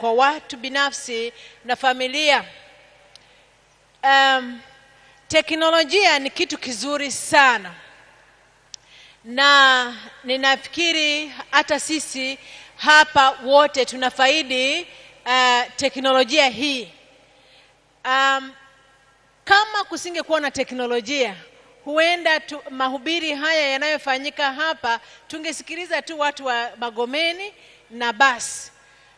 kwa watu binafsi na familia. Um, teknolojia ni kitu kizuri sana, na ninafikiri hata sisi hapa wote tunafaidi uh, teknolojia hii. Um, kama kusingekuwa na teknolojia huenda tu, mahubiri haya yanayofanyika hapa tungesikiliza tu watu wa Magomeni na basi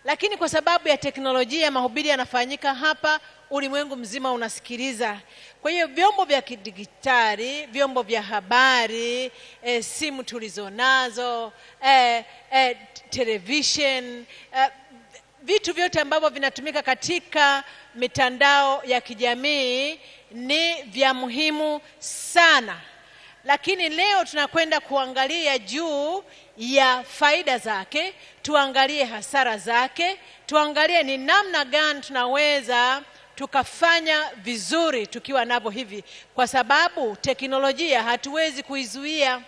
lakini kwa sababu ya teknolojia mahubiri yanafanyika hapa, ulimwengu mzima unasikiliza. Kwa hiyo vyombo vya kidigitali, vyombo vya habari, e, simu tulizonazo, e, eh, e, eh, televishen e, vitu vyote ambavyo vinatumika katika mitandao ya kijamii ni vya muhimu sana lakini leo tunakwenda kuangalia juu ya faida zake, tuangalie hasara zake, tuangalie ni namna gani tunaweza tukafanya vizuri tukiwa navyo hivi, kwa sababu teknolojia hatuwezi kuizuia,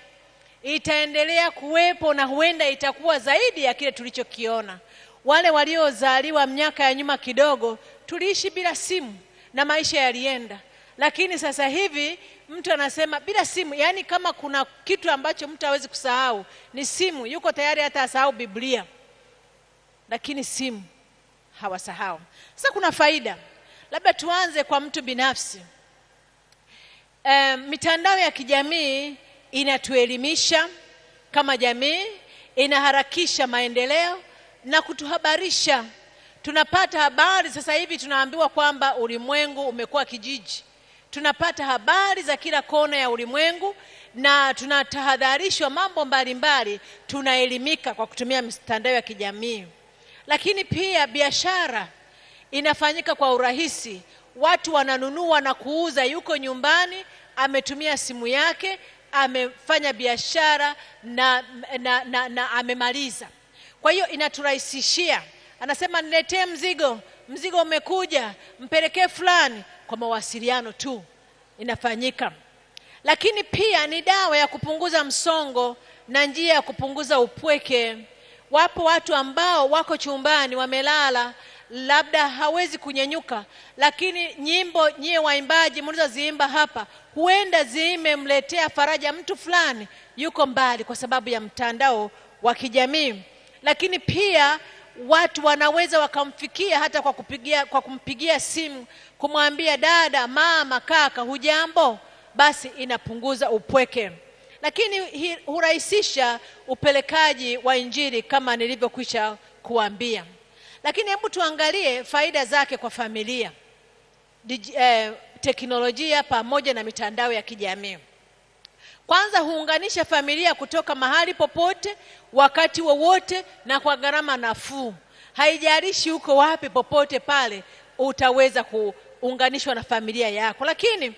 itaendelea kuwepo na huenda itakuwa zaidi ya kile tulichokiona. Wale waliozaliwa miaka ya nyuma kidogo tuliishi bila simu na maisha yalienda, lakini sasa hivi mtu anasema bila simu, yaani kama kuna kitu ambacho mtu hawezi kusahau ni simu. Yuko tayari hata asahau Biblia, lakini simu hawasahau. Sasa kuna faida, labda tuanze kwa mtu binafsi. E, mitandao ya kijamii inatuelimisha kama jamii, inaharakisha maendeleo na kutuhabarisha. Tunapata habari sasa hivi, tunaambiwa kwamba ulimwengu umekuwa kijiji tunapata habari za kila kona ya ulimwengu na tunatahadharishwa mambo mbalimbali, tunaelimika kwa kutumia mitandao ya kijamii. Lakini pia biashara inafanyika kwa urahisi, watu wananunua na kuuza, yuko nyumbani, ametumia simu yake, amefanya biashara na, na, na, na amemaliza. Kwa hiyo inaturahisishia, anasema niletee mzigo, mzigo umekuja, mpelekee fulani kwa mawasiliano tu inafanyika, lakini pia ni dawa ya kupunguza msongo na njia ya kupunguza upweke. Wapo watu ambao wako chumbani wamelala, labda hawezi kunyanyuka, lakini nyimbo nyie waimbaji mlizoziimba hapa huenda zimemletea faraja mtu fulani yuko mbali kwa sababu ya mtandao wa kijamii. Lakini pia watu wanaweza wakamfikia hata kwa kupigia, kwa kumpigia simu kumwambia dada, mama, kaka, hujambo, basi inapunguza upweke, lakini hurahisisha upelekaji wa Injili kama nilivyokwisha kuambia. Lakini hebu tuangalie faida zake kwa familia Dij, eh, teknolojia pamoja na mitandao ya kijamii. Kwanza, huunganisha familia kutoka mahali popote wakati wowote wa na kwa gharama nafuu. Haijalishi uko wapi, popote pale utaweza ku, unganishwa na familia yako, lakini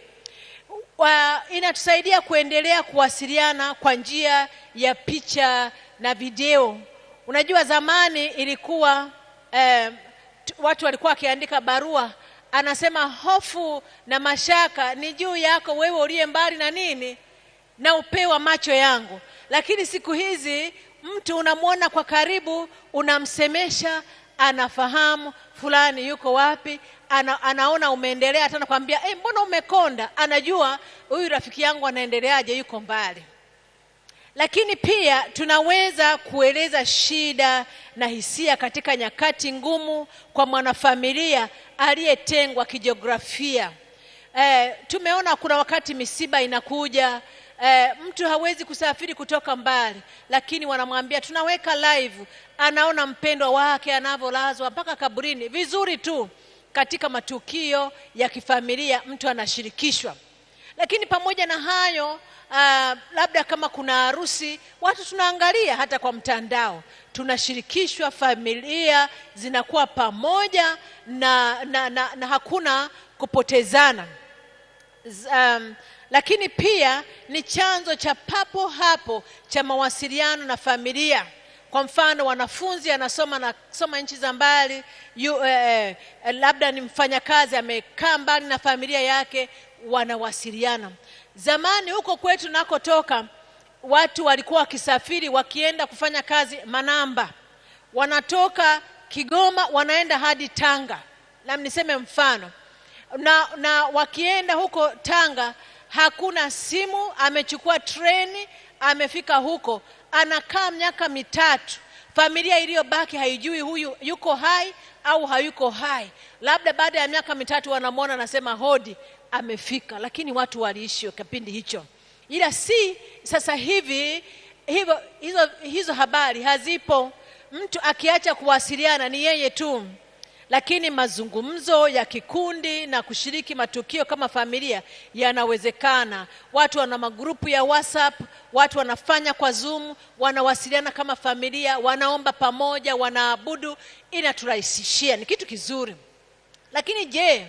wa, inatusaidia kuendelea kuwasiliana kwa njia ya picha na video. Unajua zamani ilikuwa eh, watu walikuwa wakiandika barua, anasema hofu na mashaka ni juu yako wewe uliye mbali na nini na upeo wa macho yangu, lakini siku hizi mtu unamwona kwa karibu, unamsemesha anafahamu fulani yuko wapi ana, anaona umeendelea tena kwambia hey, eh, mbona umekonda anajua huyu rafiki yangu anaendeleaje yuko mbali lakini pia tunaweza kueleza shida na hisia katika nyakati ngumu kwa mwanafamilia aliyetengwa kijiografia eh, tumeona kuna wakati misiba inakuja eh, mtu hawezi kusafiri kutoka mbali lakini wanamwambia tunaweka live anaona mpendwa wake anavyolazwa mpaka kaburini vizuri tu katika matukio ya kifamilia mtu anashirikishwa lakini pamoja na hayo uh, labda kama kuna harusi watu tunaangalia hata kwa mtandao tunashirikishwa familia zinakuwa pamoja na, na, na, na hakuna kupotezana um, lakini pia ni chanzo cha papo hapo cha mawasiliano na familia. Kwa mfano, wanafunzi anasoma soma nchi za mbali yu, eh, eh, labda ni mfanyakazi amekaa mbali na familia yake, wanawasiliana. Zamani huko kwetu nakotoka watu walikuwa wakisafiri wakienda kufanya kazi Manamba, wanatoka Kigoma wanaenda hadi Tanga, na niseme mfano na, na wakienda huko Tanga hakuna simu, amechukua treni, amefika huko, anakaa miaka mitatu. Familia iliyobaki haijui huyu yuko hai au hayuko hai. Labda baada ya miaka mitatu wanamwona, anasema hodi, amefika. Lakini watu waliishi kipindi hicho, ila si sasa hivi hivyo. Hizo, hizo habari hazipo. Mtu akiacha kuwasiliana ni yeye tu lakini mazungumzo ya kikundi na kushiriki matukio kama familia yanawezekana. Watu wana magrupu ya WhatsApp, watu wanafanya kwa Zoom, wanawasiliana kama familia, wanaomba pamoja, wanaabudu. Inaturahisishia, ni kitu kizuri. Lakini je,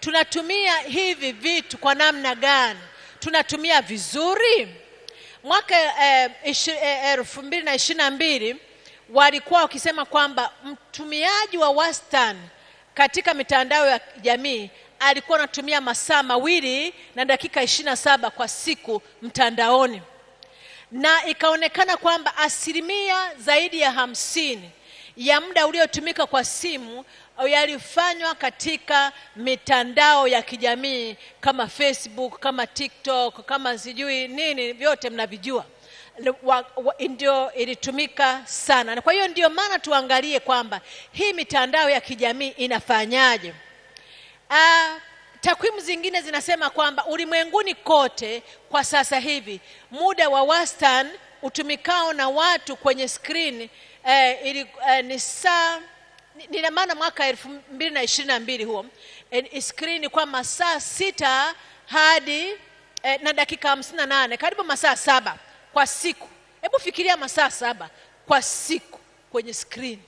tunatumia hivi vitu kwa namna gani? Tunatumia vizuri? Mwaka eh, eh, elfu mbili na ishirini na mbili walikuwa wakisema kwamba mtumiaji wa wastan katika mitandao ya jamii alikuwa anatumia masaa mawili na dakika ishirini na saba kwa siku mtandaoni, na ikaonekana kwamba asilimia zaidi ya hamsini ya muda uliotumika kwa simu yalifanywa katika mitandao ya kijamii kama Facebook, kama TikTok, kama sijui nini, vyote mnavijua ndio ilitumika sana, na kwa hiyo ndio maana tuangalie kwamba hii mitandao ya kijamii inafanyaje. Uh, takwimu zingine zinasema kwamba ulimwenguni kote kwa sasa hivi muda wa wastan utumikao na watu kwenye skrini eh, ili, eh, ni saa nina maana mwaka mbili huo eh, skrini kwa masaa sita hadi eh, na dakika na nane karibu masaa saba kwa siku hebu fikiria masaa saba kwa siku kwenye skrini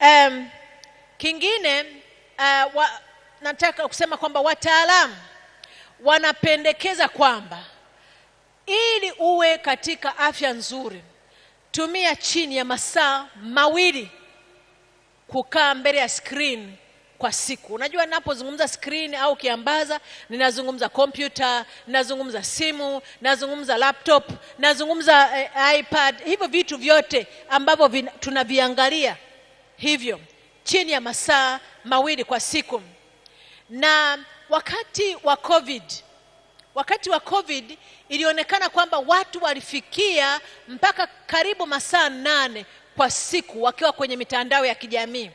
um, kingine uh, wa, nataka kusema kwamba wataalamu wanapendekeza kwamba ili uwe katika afya nzuri tumia chini ya masaa mawili kukaa mbele ya skrini kwa siku unajua napozungumza screen au kiambaza ninazungumza kompyuta ninazungumza simu ninazungumza laptop ninazungumza eh, ipad hivyo vitu vyote ambavyo tunaviangalia hivyo chini ya masaa mawili kwa siku na wakati wa covid wakati wa covid ilionekana kwamba watu walifikia mpaka karibu masaa nane kwa siku wakiwa kwenye mitandao ya kijamii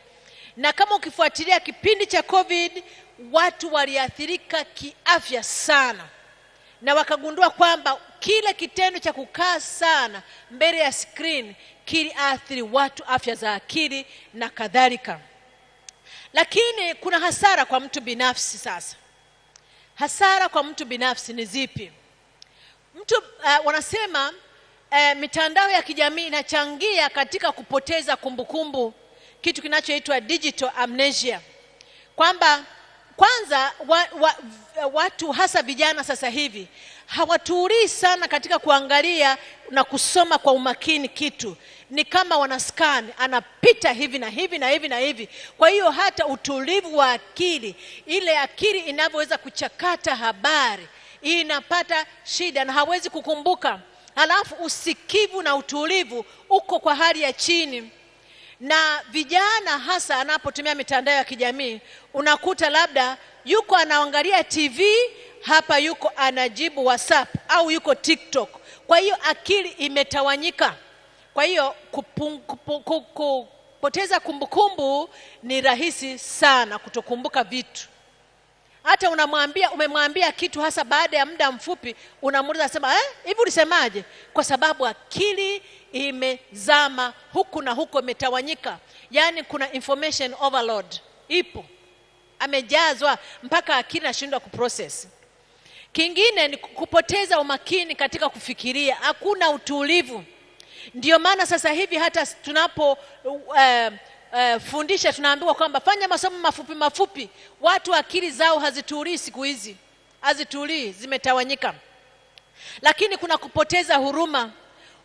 na kama ukifuatilia kipindi cha covid watu waliathirika kiafya sana na wakagundua kwamba kile kitendo cha kukaa sana mbele ya skrini kiliathiri watu afya za akili na kadhalika lakini kuna hasara kwa mtu binafsi sasa hasara kwa mtu binafsi ni zipi mtu uh, wanasema uh, mitandao ya kijamii inachangia katika kupoteza kumbukumbu kumbu kitu kinachoitwa digital amnesia kwamba kwanza wa, wa, watu hasa vijana sasa hivi hawatuulii sana katika kuangalia na kusoma kwa umakini kitu ni kama wanascan anapita hivi na hivi na hivi na hivi kwa hiyo hata utulivu wa akili ile akili inavyoweza kuchakata habari inapata shida na hawezi kukumbuka halafu usikivu na utulivu uko kwa hali ya chini na vijana hasa anapotumia mitandao ya kijamii unakuta labda yuko anaangalia TV hapa, yuko anajibu WhatsApp au yuko TikTok. Kwa hiyo akili imetawanyika, kwa hiyo kupoteza kumbukumbu ni rahisi sana, kutokumbuka vitu hata unamwambia umemwambia kitu hasa baada ya muda mfupi unamuuliza sema eh, hivi ulisemaje kwa sababu akili imezama huku na huko imetawanyika yaani kuna information overload ipo amejazwa mpaka akili nashindwa kuprocess kingine ni kupoteza umakini katika kufikiria hakuna utulivu ndio maana sasa hivi hata tunapo uh, eh, fundisha tunaambiwa kwamba fanya masomo mafupi mafupi watu akili zao hazitulii siku hizi hazitulii zimetawanyika lakini kuna kupoteza huruma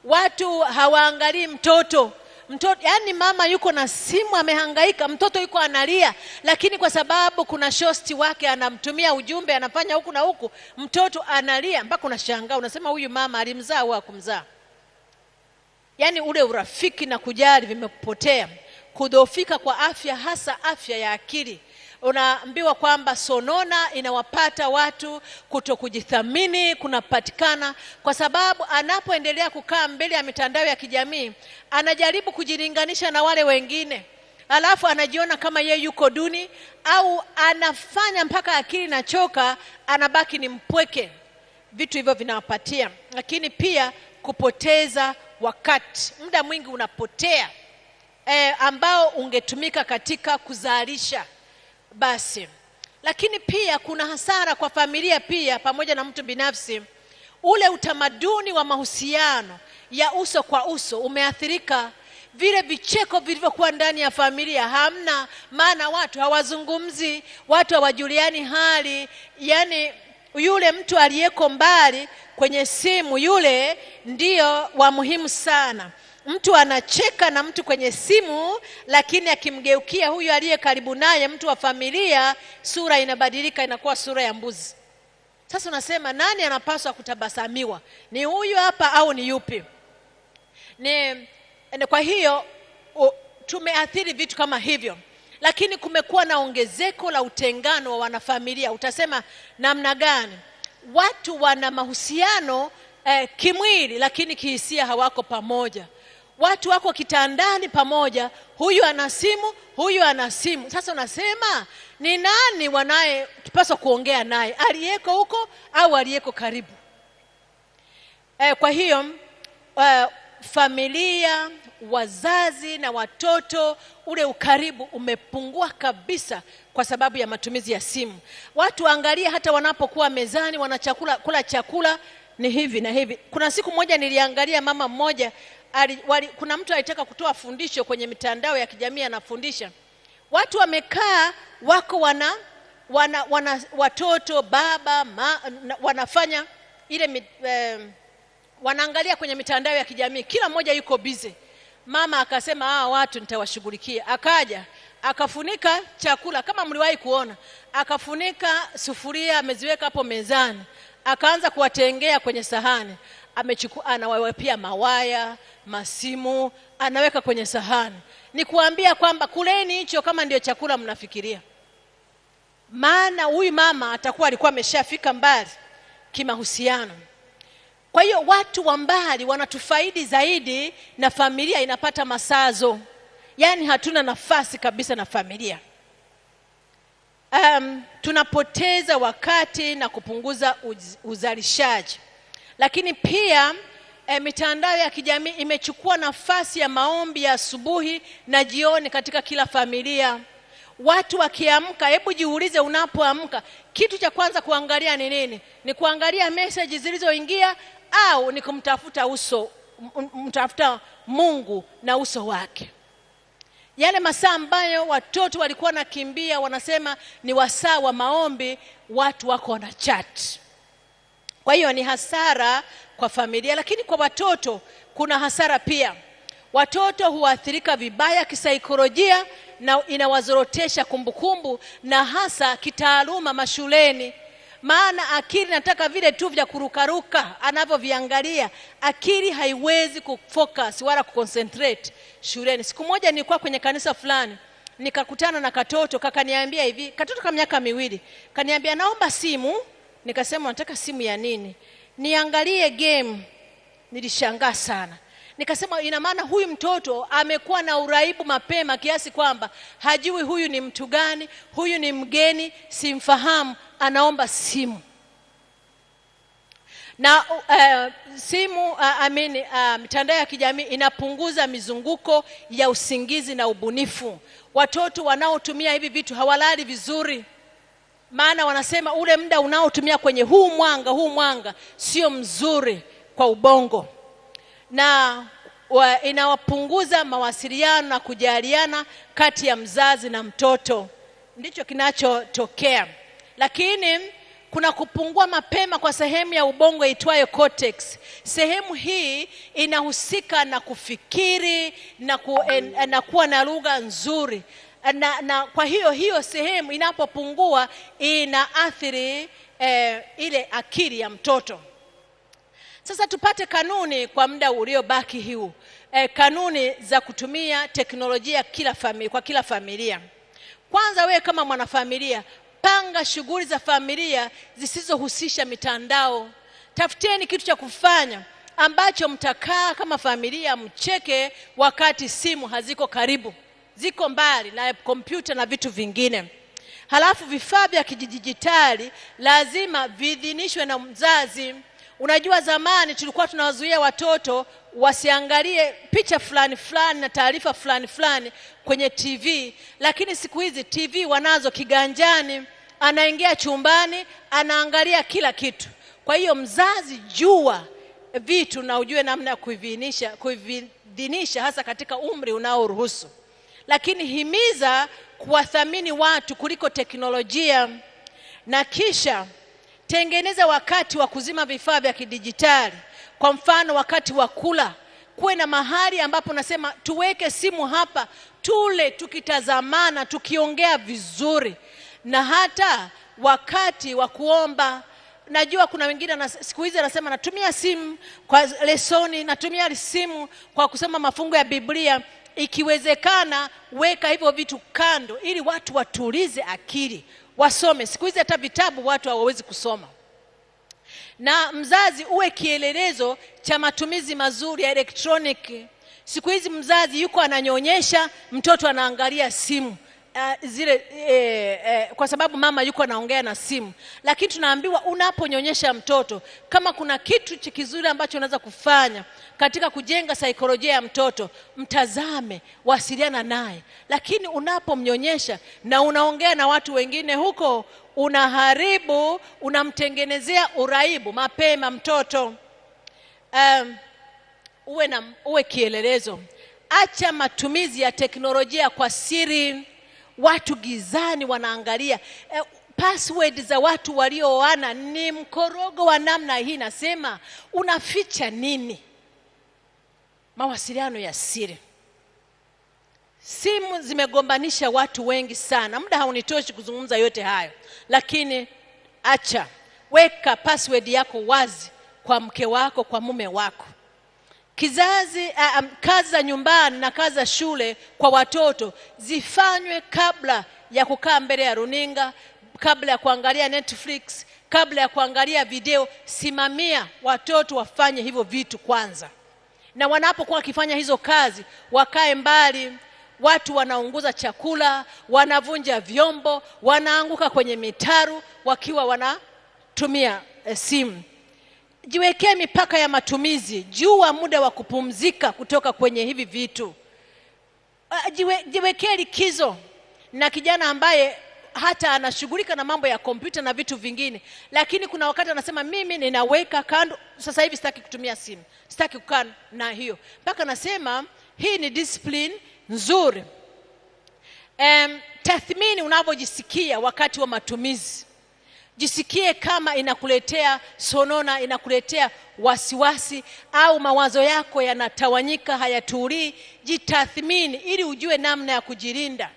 watu hawaangalii mtoto mtoto yani mama yuko na simu amehangaika mtoto yuko analia lakini kwa sababu kuna shosti wake anamtumia ujumbe anafanya huku na huku mtoto analia mpaka unashangaa unasema huyu mama alimzaa au akumzaa yaani ule urafiki na kujali vimepotea kudhoofika kwa afya, hasa afya ya akili. Unaambiwa kwamba sonona inawapata watu, kuto kujithamini kunapatikana, kwa sababu anapoendelea kukaa mbele ya mitandao ya kijamii anajaribu kujilinganisha na wale wengine alafu anajiona kama yeye yuko duni au anafanya mpaka akili inachoka, anabaki ni mpweke. Vitu hivyo vinawapatia, lakini pia kupoteza wakati, muda mwingi unapotea e, ambao ungetumika katika kuzalisha basi. Lakini pia kuna hasara kwa familia pia pamoja na mtu binafsi. Ule utamaduni wa mahusiano ya uso kwa uso umeathirika vile vicheko vilivyokuwa ndani ya familia hamna, maana watu hawazungumzi, watu hawajuliani hali. Yani yule mtu aliyeko mbali kwenye simu, yule ndiyo wa muhimu sana mtu anacheka na mtu kwenye simu, lakini akimgeukia huyu aliye karibu naye, mtu wa familia, sura inabadilika, inakuwa sura ya mbuzi. Sasa unasema nani anapaswa kutabasamiwa, ni huyu hapa au ni yupi? Ni, ni kwa hiyo o, tumeathiri vitu kama hivyo, lakini kumekuwa na ongezeko la utengano wa wanafamilia. Utasema namna gani? Watu wana mahusiano eh, kimwili, lakini kihisia hawako pamoja watu wako kitandani pamoja, huyu ana simu, huyu ana simu. Sasa unasema ni nani wanaye tupaswa kuongea naye, aliyeko huko au aliyeko karibu? E, kwa hiyo e, familia, wazazi na watoto, ule ukaribu umepungua kabisa kwa sababu ya matumizi ya simu. Watu waangalie hata wanapokuwa mezani, wanachakula kula chakula ni hivi na hivi. Kuna siku moja niliangalia mama mmoja ali, wali, kuna mtu alitaka kutoa fundisho kwenye mitandao ya kijamii anafundisha, watu wamekaa wako wana, wana, wana watoto baba ma, wanafanya ile eh, wanaangalia kwenye mitandao ya kijamii, kila mmoja yuko bize. Mama akasema hawa watu nitawashughulikia, akaja akafunika chakula kama mliwahi kuona, akafunika sufuria ameziweka hapo mezani, akaanza kuwatengea kwenye sahani amechukua anawawapia mawaya masimu anaweka kwenye sahani ni kuambia kwamba kuleni hicho kama ndio chakula mnafikiria maana huyu mama atakuwa alikuwa ameshafika mbali kimahusiano kwa hiyo watu wa mbali wanatufaidi zaidi na familia inapata masazo yaani hatuna nafasi kabisa na familia um, tunapoteza wakati na kupunguza uzalishaji. Lakini pia e, mitandao ya kijamii imechukua nafasi ya maombi ya asubuhi na jioni katika kila familia. Watu wakiamka, hebu jiulize, unapoamka kitu cha kwanza kuangalia ni nini? Ni kuangalia meseji zilizoingia au ni kumtafuta uso, mtafuta Mungu na uso wake? yale masaa ambayo watoto walikuwa nakimbia, wanasema ni wasaa wa maombi, watu wako na chat. Kwa hiyo ni hasara kwa familia, lakini kwa watoto kuna hasara pia. Watoto huathirika vibaya kisaikolojia na inawazorotesha kumbukumbu na hasa kitaaluma mashuleni maana akili nataka vile tu vya kurukaruka anavyoviangalia akili haiwezi kufocus wala kuconcentrate shuleni siku moja nilikuwa kwenye kanisa fulani nikakutana na katoto kakaniambia hivi katoto ka miaka miwili kaniambia naomba simu nikasema nataka simu ya nini niangalie game nilishangaa sana Nikasema ina maana huyu mtoto amekuwa na uraibu mapema kiasi kwamba hajui huyu ni mtu gani, huyu ni mgeni, simfahamu, anaomba simu na uh, simu uh, mean, uh, mitandao ya kijamii inapunguza mizunguko ya usingizi na ubunifu. Watoto wanaotumia hivi vitu hawalali vizuri, maana wanasema ule muda unaotumia kwenye huu mwanga, huu mwanga sio mzuri kwa ubongo na wa, inawapunguza mawasiliano na kujaliana kati ya mzazi na mtoto, ndicho kinachotokea. Lakini kuna kupungua mapema kwa sehemu ya ubongo itwayo cortex. Sehemu hii inahusika na kufikiri na, ku, en, na kuwa na lugha nzuri na, na kwa hiyo hiyo sehemu inapopungua inaathiri eh, ile akili ya mtoto. Sasa tupate kanuni kwa muda uliobaki huu, e, kanuni za kutumia teknolojia kila fami, kwa kila familia. Kwanza wewe kama mwanafamilia, panga shughuli za familia zisizohusisha mitandao. Tafuteni kitu cha kufanya ambacho mtakaa kama familia mcheke, wakati simu haziko karibu, ziko mbali na kompyuta na vitu vingine. Halafu vifaa vya kidijitali lazima viidhinishwe na mzazi. Unajua, zamani tulikuwa tunawazuia watoto wasiangalie picha fulani fulani na taarifa fulani fulani kwenye TV, lakini siku hizi TV wanazo kiganjani, anaingia chumbani, anaangalia kila kitu. Kwa hiyo mzazi, jua vitu na ujue namna ya kuivinisha kuidhinisha, hasa katika umri unaoruhusu, lakini himiza kuwathamini watu kuliko teknolojia na kisha Tengeneza wakati wa kuzima vifaa vya kidijitali. Kwa mfano, wakati wa kula kuwe na mahali ambapo nasema tuweke simu hapa, tule tukitazamana, tukiongea vizuri, na hata wakati wa kuomba najua kuna wengine siku hizi anasema natumia simu kwa lesoni, natumia simu kwa kusoma mafungo ya Biblia. Ikiwezekana weka hivyo vitu kando, ili watu watulize akili wasome. Siku hizi hata vitabu watu hawawezi kusoma. Na mzazi uwe kielelezo cha matumizi mazuri ya elektroniki. Siku hizi mzazi yuko ananyonyesha, mtoto anaangalia simu, uh, zile eh, eh, kwa sababu mama yuko anaongea na simu, lakini tunaambiwa unaponyonyesha mtoto, kama kuna kitu kizuri ambacho unaweza kufanya katika kujenga saikolojia ya mtoto, mtazame, wasiliana naye. Lakini unapomnyonyesha na unaongea na watu wengine huko, unaharibu, unamtengenezea uraibu mapema mtoto. Um, uwe, na, uwe kielelezo. Acha matumizi ya teknolojia kwa siri watu gizani wanaangalia eh, password za watu walioana ni mkorogo wa namna hii. Nasema unaficha nini? Mawasiliano ya siri. Simu zimegombanisha watu wengi sana. Muda haunitoshi kuzungumza yote hayo, lakini acha, weka password yako wazi kwa mke wako, kwa mume wako kizazi um, kazi za nyumbani na kazi za shule kwa watoto zifanywe kabla ya kukaa mbele ya runinga, kabla ya kuangalia Netflix, kabla ya kuangalia video. Simamia watoto wafanye hivyo vitu kwanza, na wanapokuwa wakifanya hizo kazi wakae mbali. Watu wanaunguza chakula, wanavunja vyombo, wanaanguka kwenye mitaru wakiwa wanatumia e, simu jiwekee mipaka ya matumizi jua muda wa kupumzika kutoka kwenye hivi vitu ah, jiwe, jiwekee likizo na kijana ambaye hata anashughulika na mambo ya kompyuta na vitu vingine lakini kuna wakati anasema mimi ninaweka kando sasa hivi sitaki kutumia simu sitaki kukaa na hiyo mpaka nasema hii ni discipline nzuri um, tathmini unavyojisikia wakati wa matumizi jisikie kama inakuletea sonona inakuletea wasiwasi au mawazo yako yanatawanyika hayatulii jitathmini ili ujue namna ya kujilinda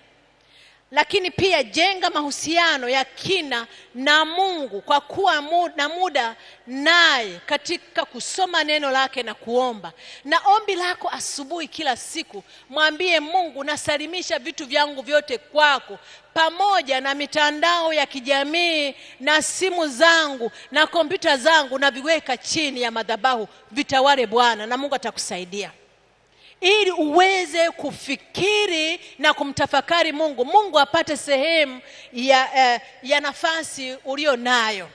lakini pia jenga mahusiano ya kina na Mungu kwa kuwa na muda naye katika kusoma neno lake na kuomba. Na ombi lako asubuhi kila siku, mwambie Mungu, nasalimisha vitu vyangu vyote kwako, pamoja na mitandao ya kijamii na simu zangu na kompyuta zangu, naviweka chini ya madhabahu, vitawale Bwana, na Mungu atakusaidia ili uweze kufikiri na kumtafakari mungu mungu apate sehemu ya, eh, ya nafasi ulio nayo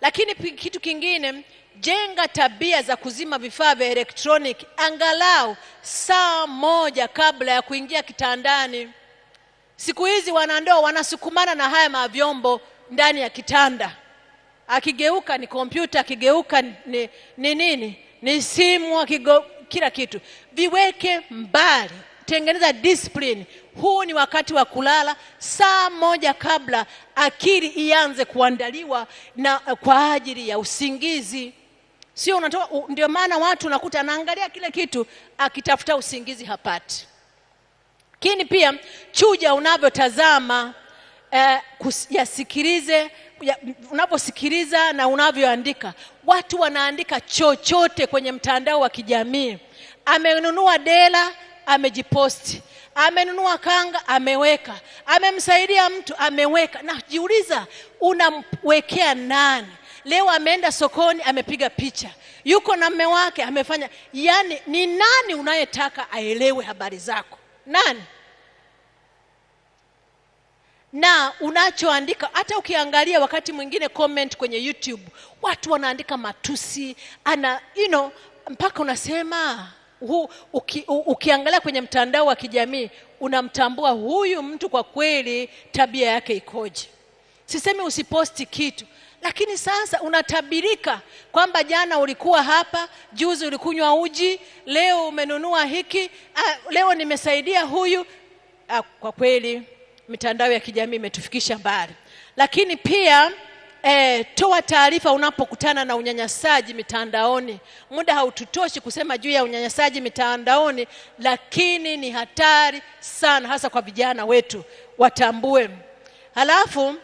lakini kitu kingine jenga tabia za kuzima vifaa vya elektroniki angalau saa moja kabla ya kuingia kitandani siku hizi wanandoa wanasukumana na haya mavyombo ndani ya kitanda akigeuka ni kompyuta akigeuka ni, ni nini ni simu akigeuka kila kitu, viweke mbali, tengeneza discipline. Huu ni wakati wa kulala, saa moja kabla akili ianze kuandaliwa na kwa ajili ya usingizi. Sio unatoka ndio maana watu unakuta anaangalia kile kitu akitafuta usingizi hapati. Lakini pia chuja unavyotazama eh, kusikilize ya, unaposikiliza na unavyoandika. Watu wanaandika chochote kwenye mtandao wa kijamii amenunua dela amejiposti, amenunua kanga ameweka, amemsaidia mtu ameweka. Najiuliza, unamwekea nani? Leo ameenda sokoni amepiga picha, yuko na mme wake amefanya. yani ni nani unayetaka aelewe habari zako? Nani? na unachoandika hata ukiangalia wakati mwingine comment kwenye YouTube watu wanaandika matusi ana you know, mpaka unasema uki, u, ukiangalia kwenye mtandao wa kijamii unamtambua huyu mtu kwa kweli tabia yake ikoje. Sisemi usiposti kitu, lakini sasa unatabirika kwamba jana ulikuwa hapa, juzi ulikunywa uji, leo umenunua hiki, a, leo nimesaidia huyu a. Kwa kweli mitandao ya kijamii imetufikisha mbali, lakini pia E, toa taarifa unapokutana na unyanyasaji mitandaoni. Muda haututoshi kusema juu ya unyanyasaji mitandaoni, lakini ni hatari sana, hasa kwa vijana wetu, watambue. Halafu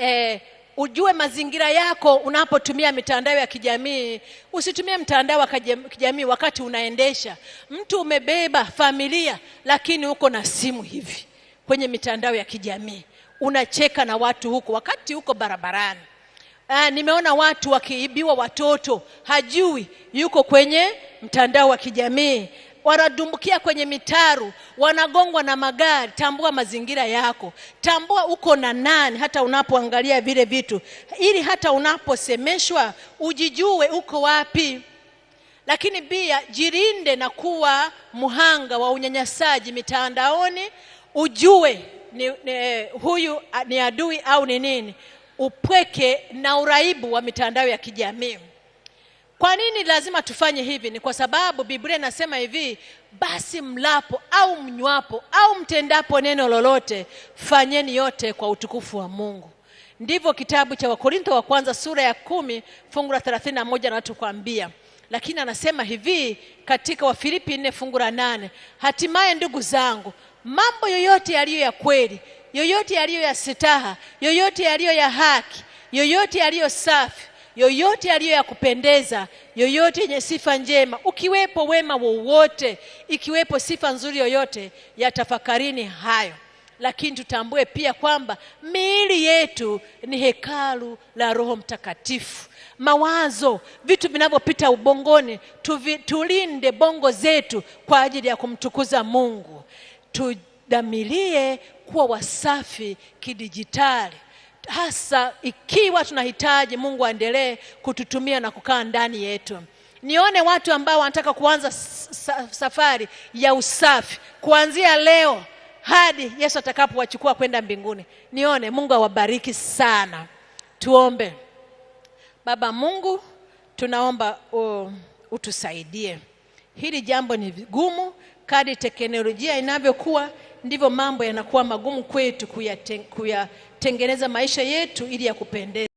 e, ujue mazingira yako unapotumia mitandao ya kijamii. Usitumie mtandao wa kijamii wakati unaendesha. Mtu umebeba familia, lakini uko na simu hivi kwenye mitandao ya kijamii unacheka na watu huko wakati huko barabarani Aa, ah, nimeona watu wakiibiwa watoto hajui yuko kwenye mtandao wa kijamii wanadumbukia kwenye mitaru wanagongwa na magari tambua mazingira yako tambua uko na nani hata unapoangalia vile vitu ili hata unaposemeshwa ujijue uko wapi lakini pia jirinde na kuwa mhanga wa unyanyasaji mitandaoni ujue ni, ni, huyu ni adui au ni nini, upweke na uraibu wa mitandao ya kijamii. Kwa nini lazima tufanye hivi? Ni kwa sababu Biblia inasema hivi, basi mlapo au mnywapo au mtendapo neno lolote, fanyeni yote kwa utukufu wa Mungu. Ndivyo kitabu cha Wakorintho wa kwanza sura ya kumi fungu la 31 natukwambia, lakini anasema hivi katika Wafilipi 4 fungu la 8, hatimaye ndugu zangu Mambo yoyote yaliyo ya kweli, yoyote yaliyo ya sitaha, yoyote yaliyo ya haki, yoyote yaliyo safi, yoyote yaliyo ya kupendeza, yoyote yenye sifa njema, ukiwepo wema wowote, ikiwepo sifa nzuri yoyote, ya tafakarini hayo. Lakini tutambue pia kwamba miili yetu ni hekalu la Roho Mtakatifu. Mawazo, vitu vinavyopita ubongoni, tulinde bongo zetu kwa ajili ya kumtukuza Mungu tudhamirie kuwa wasafi kidijitali, hasa ikiwa tunahitaji Mungu aendelee kututumia na kukaa ndani yetu. Nione watu ambao wanataka kuanza safari ya usafi kuanzia leo hadi Yesu atakapowachukua kwenda mbinguni. Nione Mungu awabariki sana. Tuombe. Baba Mungu, tunaomba o, oh, utusaidie. Hili jambo ni vigumu Kadi teknolojia inavyokuwa ndivyo mambo yanakuwa magumu kwetu kuyatengeneza maisha yetu ili kupendeza.